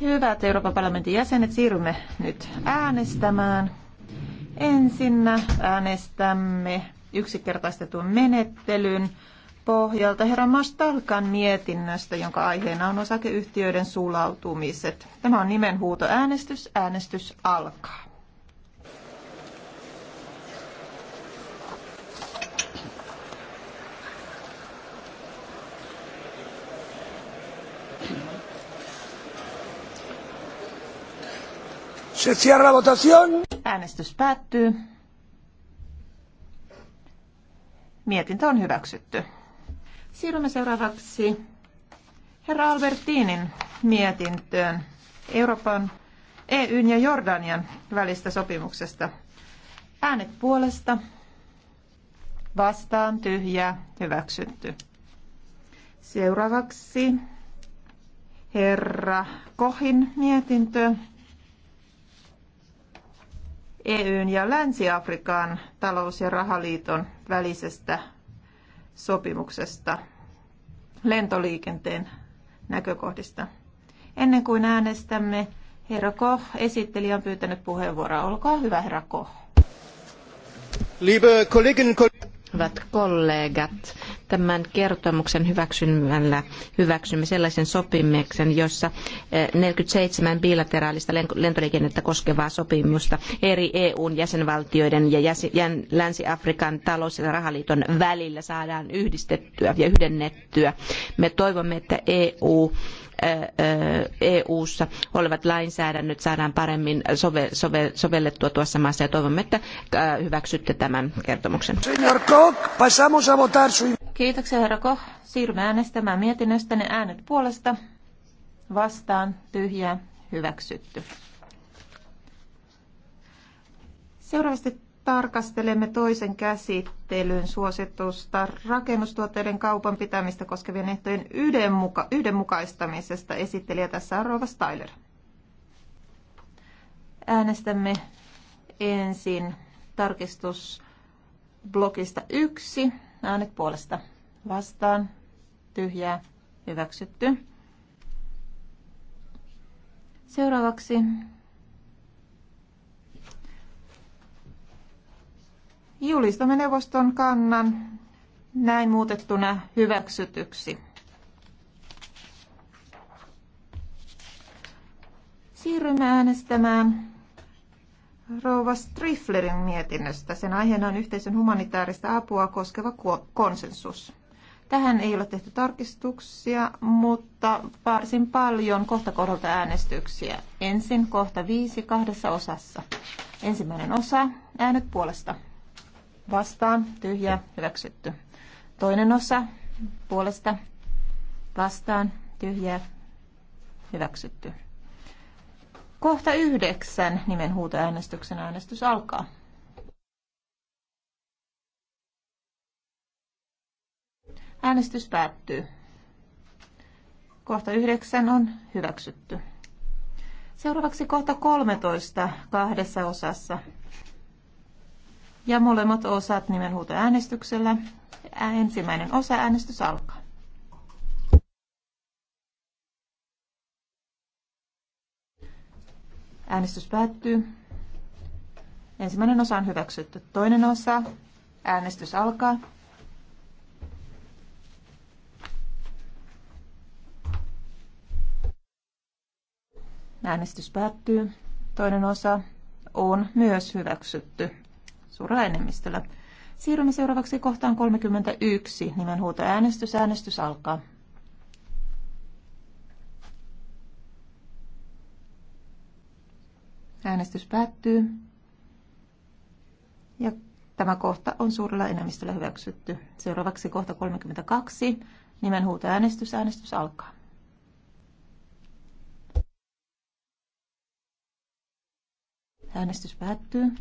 Hyvät Euroopan parlamentin jäsenet, siirrymme nyt äänestämään. Ensinnä äänestämme yksinkertaistetun menettelyn pohjalta herra Mastalkan mietinnöstä, jonka aiheena on osakeyhtiöiden sulautumiset. Tämä on nimenhuutoäänestys. Äänestys alkaa. Se cierra votación. Äänestys päättyy. Mietintö on hyväksytty. Siirrymme seuraavaksi herra Albertinin mietintöön Euroopan, EUn ja Jordanian välistä sopimuksesta. Äänet puolesta, vastaan, tyhjä. hyväksytty. Seuraavaksi herra Kohin mietintö EUn ja Länsi-Afrikan talous- ja rahaliiton välisestä sopimuksesta lentoliikenteen näkökohdista. Ennen kuin äänestämme, herra Koh, esittelijä on pyytänyt puheenvuoroa. Olkaa hyvä, herra Koh. Liebe Kolleginnen, Hyvät kollegat, tämän kertomuksen hyväksymällä hyväksymme sellaisen sopimuksen, jossa 47 eh, bilateraalista lentoliikennettä koskevaa sopimusta eri EUn jäsenvaltioiden ja Länsi-Afrikan talous- ja rahaliiton välillä saadaan yhdistettyä ja yhdennettyä. Me toivomme, että EU EU-ssa olevat lainsäädännöt saadaan paremmin sovellettua tuossa maassa ja toivomme, että hyväksytte tämän kertomuksen. Kiitoksia herra Koch. Siirrymme äänestämään ne äänet puolesta. Vastaan tyhjää hyväksytty. Seuraavasti tarkastelemme toisen käsittelyn suositusta rakennustuotteiden kaupan pitämistä koskevien ehtojen yhdenmuka- yhdenmukaistamisesta. Esittelijä tässä on Rova Styler. Äänestämme ensin tarkistusblokista yksi. Äänet puolesta vastaan. Tyhjää. Hyväksytty. Seuraavaksi Julistamme neuvoston kannan näin muutettuna hyväksytyksi. Siirrymme äänestämään rouva Striflerin mietinnöstä. Sen aiheena on yhteisön humanitaarista apua koskeva konsensus. Tähän ei ole tehty tarkistuksia, mutta varsin paljon kohta kohdalta äänestyksiä. Ensin kohta viisi kahdessa osassa. Ensimmäinen osa, äänet puolesta vastaan, tyhjä, hyväksytty. Toinen osa puolesta vastaan, tyhjä, hyväksytty. Kohta yhdeksän nimen huutoäänestyksen äänestys alkaa. Äänestys päättyy. Kohta yhdeksän on hyväksytty. Seuraavaksi kohta 13 kahdessa osassa ja molemmat osat äänestyksellä. Ensimmäinen osa äänestys alkaa. Äänestys päättyy. Ensimmäinen osa on hyväksytty. Toinen osa. Äänestys alkaa. Äänestys päättyy. Toinen osa on myös hyväksytty suurella enemmistöllä. Siirrymme seuraavaksi kohtaan 31. Nimenhuuto äänestys. Äänestys alkaa. Äänestys päättyy. Ja tämä kohta on suurella enemmistöllä hyväksytty. Seuraavaksi kohta 32. Nimenhuuto äänestys. Äänestys alkaa. Äänestys päättyy.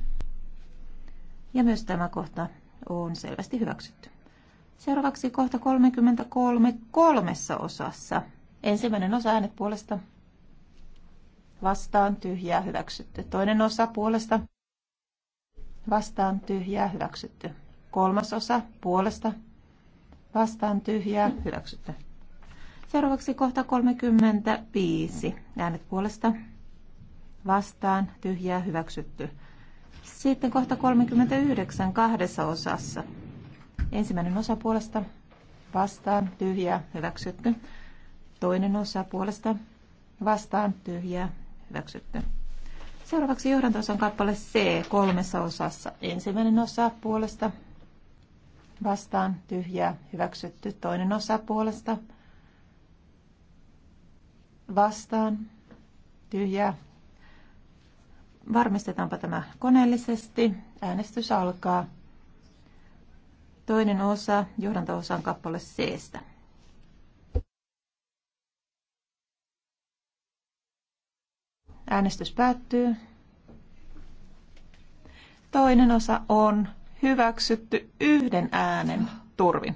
Ja myös tämä kohta on selvästi hyväksytty. Seuraavaksi kohta 33 kolmessa osassa. Ensimmäinen osa äänet puolesta. Vastaan tyhjää hyväksytty. Toinen osa puolesta. Vastaan tyhjää hyväksytty. Kolmas osa puolesta. Vastaan tyhjää hyväksytty. Seuraavaksi kohta 35. Äänet puolesta. Vastaan tyhjää hyväksytty. Sitten kohta 39 kahdessa osassa. Ensimmäinen osa puolesta vastaan tyhjää hyväksytty. Toinen osa puolesta vastaan tyhjää hyväksytty. Seuraavaksi johdantosan kappale C kolmessa osassa. Ensimmäinen osa puolesta vastaan tyhjää hyväksytty. Toinen osa puolesta vastaan tyhjää Varmistetaanpa tämä koneellisesti. Äänestys alkaa. Toinen osa, johdanto-osa on kappale C. Äänestys päättyy. Toinen osa on hyväksytty yhden äänen turvin.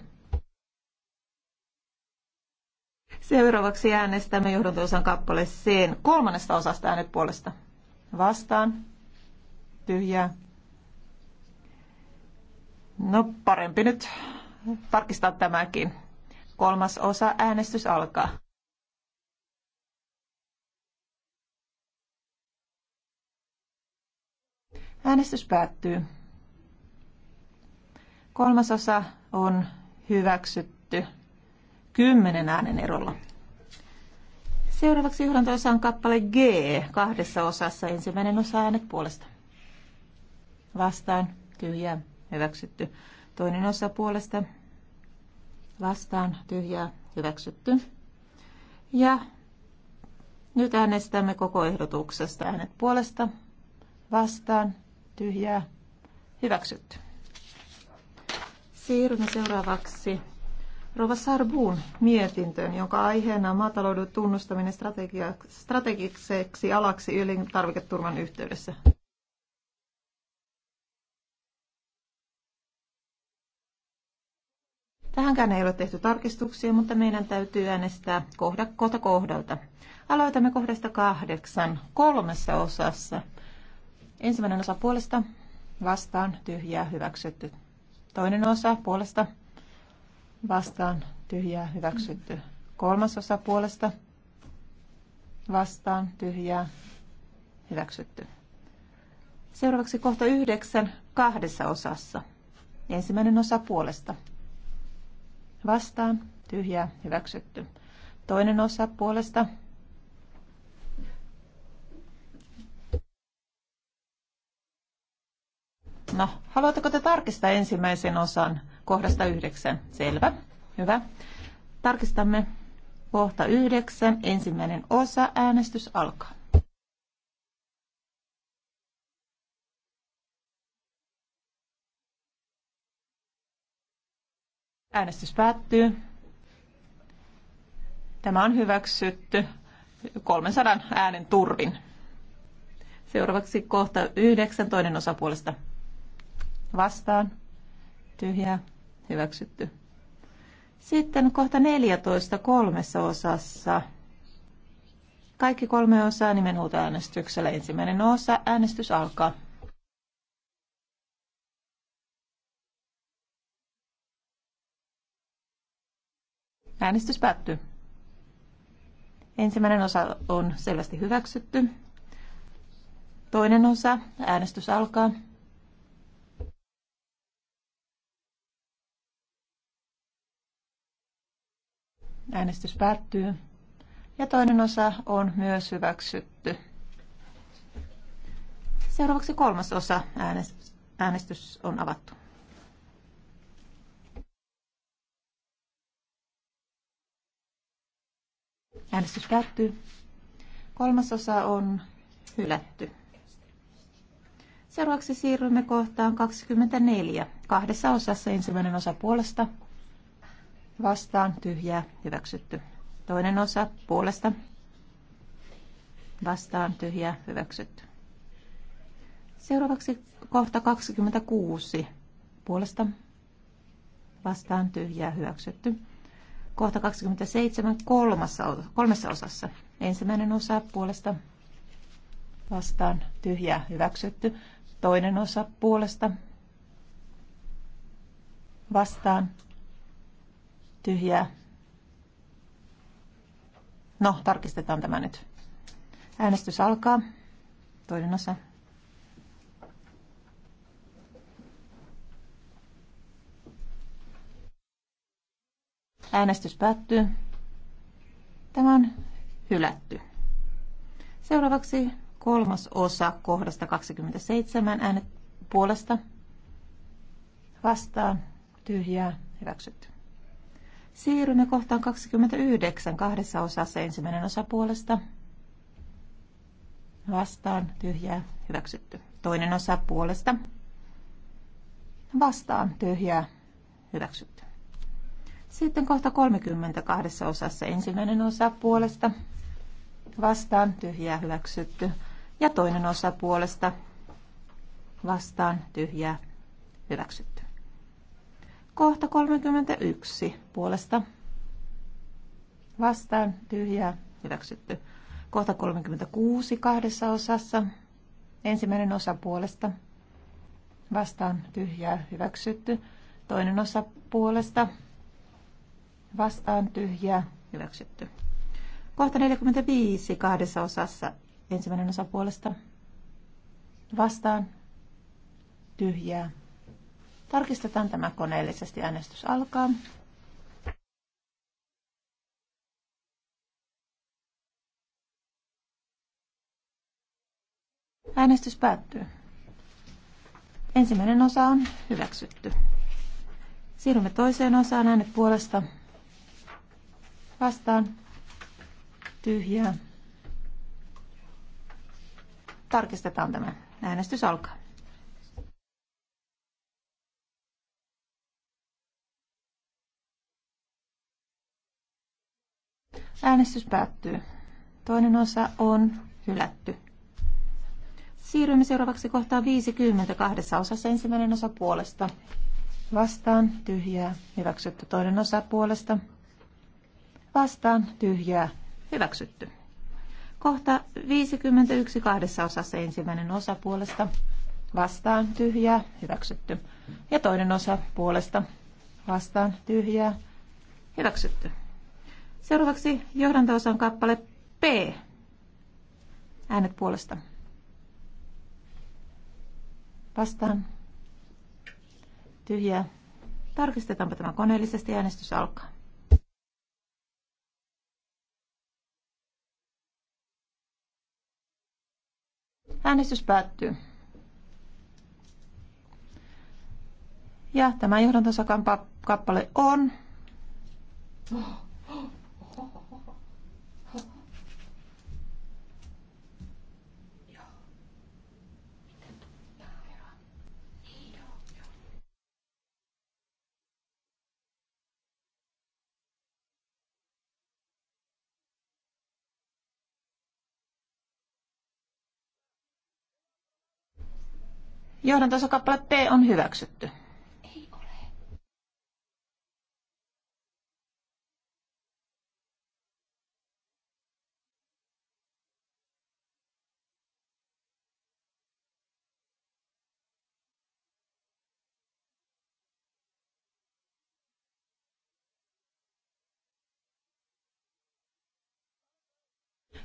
Seuraavaksi äänestämme johdanto-osan kappale C kolmannesta osasta äänet puolesta vastaan, tyhjää. No parempi nyt tarkistaa tämäkin. Kolmas osa äänestys alkaa. Äänestys päättyy. Kolmas osa on hyväksytty kymmenen äänen erolla. Seuraavaksi johdantoissa on kappale G kahdessa osassa. Ensimmäinen osa äänet puolesta. Vastaan. Tyhjää. Hyväksytty. Toinen osa puolesta. Vastaan. Tyhjää. Hyväksytty. Ja nyt äänestämme koko ehdotuksesta. Äänet puolesta. Vastaan. Tyhjää. Hyväksytty. Siirrymme seuraavaksi Rova Sarbuun mietintöön, jonka aiheena on maatalouden tunnustaminen strategiseksi alaksi ylintarviketurvan yhteydessä. Tähänkään ei ole tehty tarkistuksia, mutta meidän täytyy äänestää kohda, kohta kohdalta. Aloitamme kohdasta kahdeksan kolmessa osassa. Ensimmäinen osa puolesta, vastaan, tyhjää, hyväksytty. Toinen osa puolesta, vastaan tyhjää hyväksytty. Kolmas osa puolesta vastaan tyhjää hyväksytty. Seuraavaksi kohta yhdeksän kahdessa osassa. Ensimmäinen osa puolesta. Vastaan tyhjää hyväksytty. Toinen osa puolesta No, haluatteko te tarkistaa ensimmäisen osan kohdasta yhdeksän? Selvä. Hyvä. Tarkistamme kohta yhdeksän. Ensimmäinen osa. Äänestys alkaa. Äänestys päättyy. Tämä on hyväksytty 300 äänen turvin. Seuraavaksi kohta yhdeksän toinen puolesta vastaan, tyhjä hyväksytty. Sitten kohta 14 kolmessa osassa. Kaikki kolme osaa äänestyksellä. Ensimmäinen osa, äänestys alkaa. Äänestys päättyy. Ensimmäinen osa on selvästi hyväksytty. Toinen osa, äänestys alkaa. Äänestys päättyy. Ja toinen osa on myös hyväksytty. Seuraavaksi kolmas osa. Äänestys, on avattu. Äänestys päättyy. Kolmas osa on hylätty. Seuraavaksi siirrymme kohtaan 24. Kahdessa osassa ensimmäinen osa puolesta vastaan tyhjää hyväksytty. Toinen osa puolesta vastaan tyhjää hyväksytty. Seuraavaksi kohta 26 puolesta vastaan tyhjää hyväksytty. Kohta 27 kolmassa, kolmessa osassa. Ensimmäinen osa puolesta vastaan tyhjää hyväksytty. Toinen osa puolesta vastaan Tyhjää. No, tarkistetaan tämä nyt. Äänestys alkaa. Toinen osa. Äänestys päättyy. Tämä on hylätty. Seuraavaksi kolmas osa kohdasta 27 äänet puolesta vastaan tyhjää hyväksytty. Siirrymme kohtaan 29 kahdessa osassa ensimmäinen osa puolesta. Vastaan tyhjää hyväksytty. Toinen osa puolesta. Vastaan tyhjää hyväksytty. Sitten kohta 30 kahdessa osassa ensimmäinen osa puolesta. Vastaan tyhjää hyväksytty. Ja toinen osa puolesta. Vastaan tyhjää hyväksytty. Kohta 31 puolesta. Vastaan tyhjää hyväksytty. Kohta 36 kahdessa osassa. Ensimmäinen osa puolesta. Vastaan tyhjää hyväksytty. Toinen osa puolesta. Vastaan tyhjää hyväksytty. Kohta 45 kahdessa osassa. Ensimmäinen osa puolesta. Vastaan tyhjää Tarkistetaan tämä koneellisesti. Äänestys alkaa. Äänestys päättyy. Ensimmäinen osa on hyväksytty. Siirrymme toiseen osaan äänet puolesta. Vastaan. Tyhjää. Tarkistetaan tämä. Äänestys alkaa. Äänestys päättyy. Toinen osa on hylätty. Siirrymme seuraavaksi kohtaan 50 kahdessa osassa. Ensimmäinen osa puolesta. Vastaan tyhjää. Hyväksytty. Toinen osa puolesta. Vastaan tyhjää. Hyväksytty. Kohta 51 kahdessa osassa. Ensimmäinen osa puolesta. Vastaan tyhjää. Hyväksytty. Ja toinen osa puolesta. Vastaan tyhjää. Hyväksytty. Seuraavaksi on kappale P. Äänet puolesta. Vastaan. Tyhjää. Tarkistetaanpa tämä koneellisesti. Äänestys alkaa. Äänestys päättyy. Ja tämä kappale on. Oh. Johdantasokappale T on hyväksytty. Ei ole.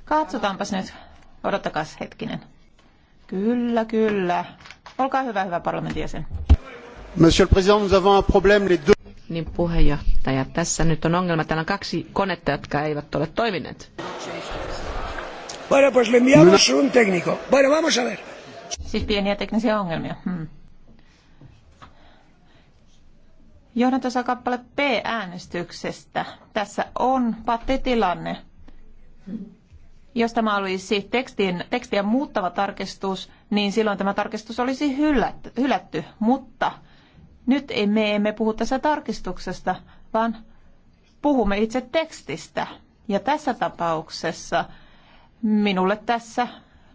Katsotaanpas nyt. Odottakaa hetkinen. Kyllä, kyllä. Olkaa hyvä, hyvä parlamentin jäsen. Monsieur le Président, nous avons un problème, les deux... Niin puheenjohtaja, tässä nyt on ongelma. Täällä on kaksi konetta, jotka eivät ole toimineet. Bueno, pues le enviamos un técnico. Bueno, vamos a ver. Siis pieniä teknisiä ongelmia. Hmm. Johdantosa-kappale P-äänestyksestä. Tässä on pattitilanne. Hmm jos tämä olisi tekstin, tekstiä muuttava tarkistus, niin silloin tämä tarkistus olisi hylätty, hylätty. mutta nyt me emme puhu tässä tarkistuksesta, vaan puhumme itse tekstistä. Ja tässä tapauksessa minulle tässä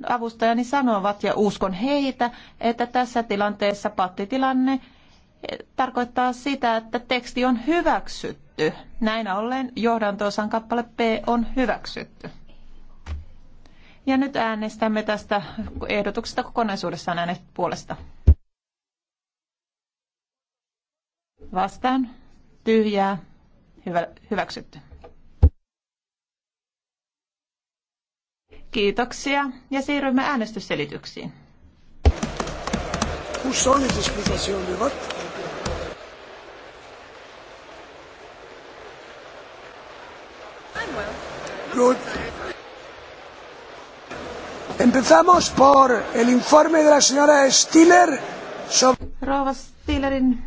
avustajani sanovat, ja uskon heitä, että tässä tilanteessa pattitilanne eh, tarkoittaa sitä, että teksti on hyväksytty. Näin ollen johdantoosan kappale P on hyväksytty. Ja nyt äänestämme tästä ehdotuksesta kokonaisuudessaan äänet puolesta. Vastaan. Tyhjää. Hyvä, hyväksytty. Kiitoksia ja siirrymme äänestysselityksiin. Ah, Good. Empezamos por el informe de la señora Stiller sobre... Rouva Stillerin